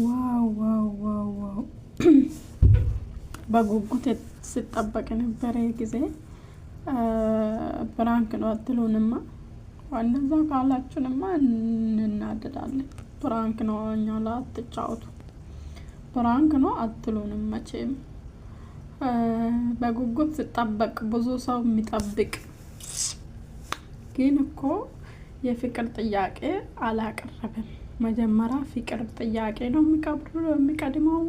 ዋው ዋው ዋው ዋው በጉጉት ስጠበቅ ነበረ። ጊዜ ብራንክ ነው አትሉንማ። እንደዛ ካላችሁንማ እንናደዳለን። ብራንክ ነው እኛ ላይ አትጫወቱ። ብራንክ ነው አትሉንም መቼም። በጉጉት ስጠበቅ ብዙ ሰው የሚጠብቅ ግን እኮ የፍቅር ጥያቄ አላቀረብም። መጀመሪያ ፍቅር ጥያቄ ነው የሚቀድመው።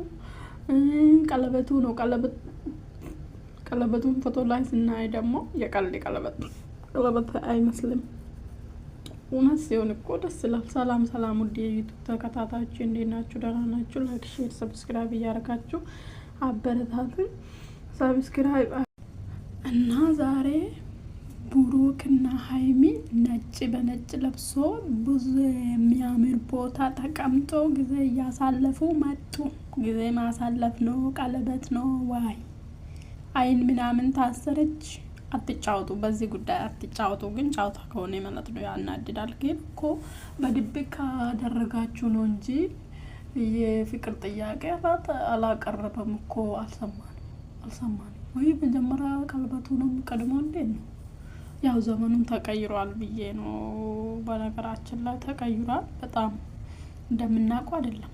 ቀለበቱ ነው። ቀለበቱን ፎቶ ላይ ስናይ ደግሞ የቀልድ ቀለበት ቀለበት አይመስልም። እውነት ሲሆን እኮ ደስ ይላል። ሰላም ሰላም፣ ውድ የዩቱብ ተከታታዮች እንዴት ናችሁ? ደህና ናችሁ? ላይክ፣ ሼር፣ ሰብስክራይብ እያደረጋችሁ አበረታትን። ሰብስክራይብ እና ዛሬ ብሩክና ሀይሚ ነጭ በነጭ ለብሶ ብዙ የሚያምር ቦታ ተቀምጦ ጊዜ እያሳለፉ መጡ። ጊዜ ማሳለፍ ነው፣ ቀለበት ነው። ዋይ አይን ምናምን ታሰረች። አትጫወቱ፣ በዚህ ጉዳይ አትጫወቱ። ግን ጫወታ ከሆነ ማለት ነው ያናድዳል። ግን እኮ በድብቅ ካደረጋችሁ ነው እንጂ የፍቅር ጥያቄ ራት አላቀረበም እኮ አልሰማንም፣ አልሰማንም ወይ መጀመሪያ ነው ቀድሞ እንዴት ነው ያው ዘመኑን ተቀይሯል ብዬ ነው። በነገራችን ላይ ተቀይሯል በጣም እንደምናውቀው አይደለም።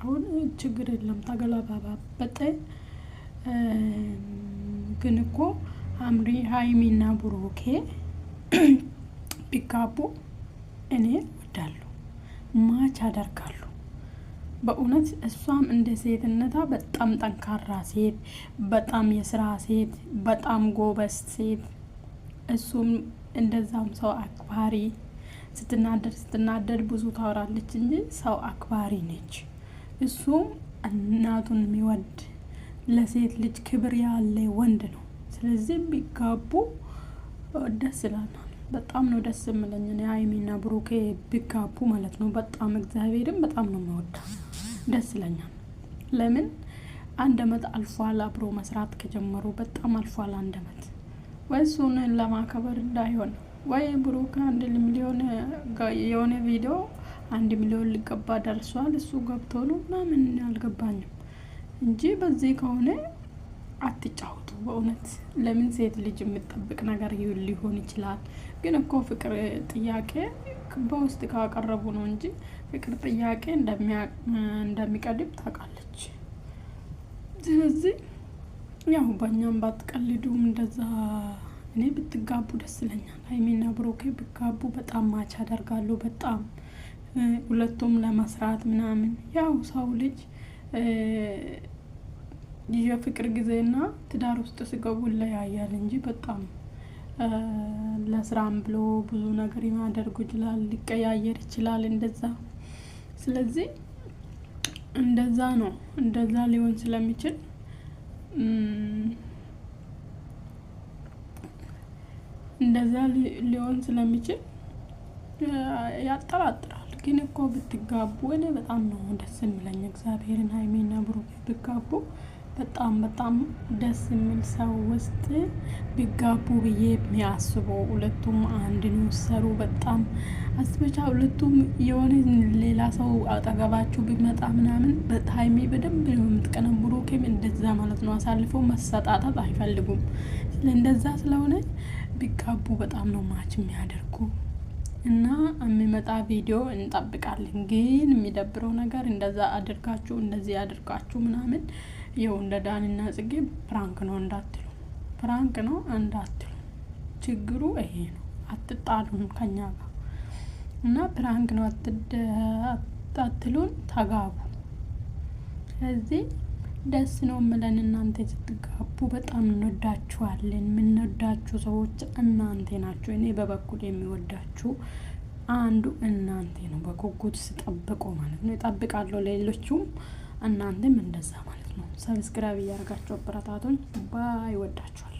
አሁን ችግር የለም በጠይ ግን እኮ አምሪ ሀይሚና ብሩኬ ቢጋቡ እኔ ወዳለሁ፣ ማች አደርጋሉ በእውነት እሷም እንደ ሴትነታ በጣም ጠንካራ ሴት፣ በጣም የስራ ሴት፣ በጣም ጎበስት ሴት እሱም እንደዛም ሰው አክባሪ ስትናደድ ስትናደድ ብዙ ታወራለች እንጂ ሰው አክባሪ ነች። እሱም እናቱን የሚወድ ለሴት ልጅ ክብር ያለ ወንድ ነው። ስለዚህ ቢጋቡ ደስ ይላናል። በጣም ነው ደስ የምለኝ ሀይሚና ብሩኬ ቢጋቡ ማለት ነው። በጣም እግዚአብሔርም በጣም ነው የሚወዳ ደስ ይለኛል። ለምን አንድ አመት አልፏል አብሮ መስራት ከጀመሩ በጣም አልፏል አንድ አመት ወይ ወይሱን ለማከበር እንዳይሆን ወይ ብሩክ አንድ ሚሊዮን የሆነ ቪዲዮ አንድ ሚሊዮን ሊገባ ደርሷል። እሱ ገብቶ ነው ምናምን አልገባኝም እንጂ በዚህ ከሆነ አትጫወቱ። በእውነት ለምን ሴት ልጅ የምጠብቅ ነገር ሊሆን ይችላል። ግን እኮ ፍቅር ጥያቄ በውስጥ ካቀረቡ ነው እንጂ ፍቅር ጥያቄ እንደሚቀድም ታውቃለች። ስለዚህ ያው በእኛም ባትቀልዱም እንደዛ እኔ ብትጋቡ ደስ ይለኛል። ሀይሚና ብሩኬ ብጋቡ በጣም ማች ያደርጋሉ። በጣም ሁለቱም ለመስራት ምናምን ያው ሰው ልጅ የፍቅር ጊዜና ትዳር ውስጥ ሲገቡ ይለያያል እንጂ በጣም ለስራም ብሎ ብዙ ነገር ማደርጉ ይችላል፣ ሊቀያየር ይችላል እንደዛ። ስለዚህ እንደዛ ነው እንደዛ ሊሆን ስለሚችል እንደዛ ሊሆን ስለሚችል ያጠራጥራል። ግን እኮ ብትጋቡ እኔ በጣም ነው ደስ የሚለኝ እግዚአብሔርን ሀይሜና ብሩክ ብትጋቡ በጣም በጣም ደስ የሚል ሰው ውስጥ ቢጋቡ ብዬ የሚያስበው ሁለቱም አንድ ሰሩ በጣም አስበቻ ሁለቱም የሆነ ሌላ ሰው አጠገባችሁ ቢመጣ ምናምን በታይሜ በደንብ ነው የምትቀነም። ብሩኬም እንደዛ ማለት ነው። አሳልፎ መሰጣጣት አይፈልጉም። እንደዛ ስለሆነ ቢጋቡ በጣም ነው ማች የሚያደርጉ እና የሚመጣ ቪዲዮ እንጠብቃለን። ግን የሚደብረው ነገር እንደዛ አድርጋችሁ እንደዚህ አድርጋችሁ ምናምን ይኸው እንደ ዳንና ጽጌ ፕራንክ ነው እንዳትሉ፣ ፕራንክ ነው እንዳትሉ። ችግሩ ይሄ ነው። አትጣሉም ከኛ ጋር እና ፕራንክ ነው አትሉን፣ ተጋቡ። ስለዚህ ደስ ነው ምለን እናንተ ስትጋቡ በጣም እንወዳችኋለን። የምንወዳችሁ ሰዎች እናንተ ናችሁ። እኔ በበኩል የሚወዳችሁ አንዱ እናንተ ነው። በጉጉት ስጠብቆ ማለት ነው። ይጠብቃለሁ ሌሎችም እናንተም እንደዛ ማለት ነው። ሰብስክራይብ እያደረጋችሁ አበረታቱኝ። ባይ ወዳችኋል።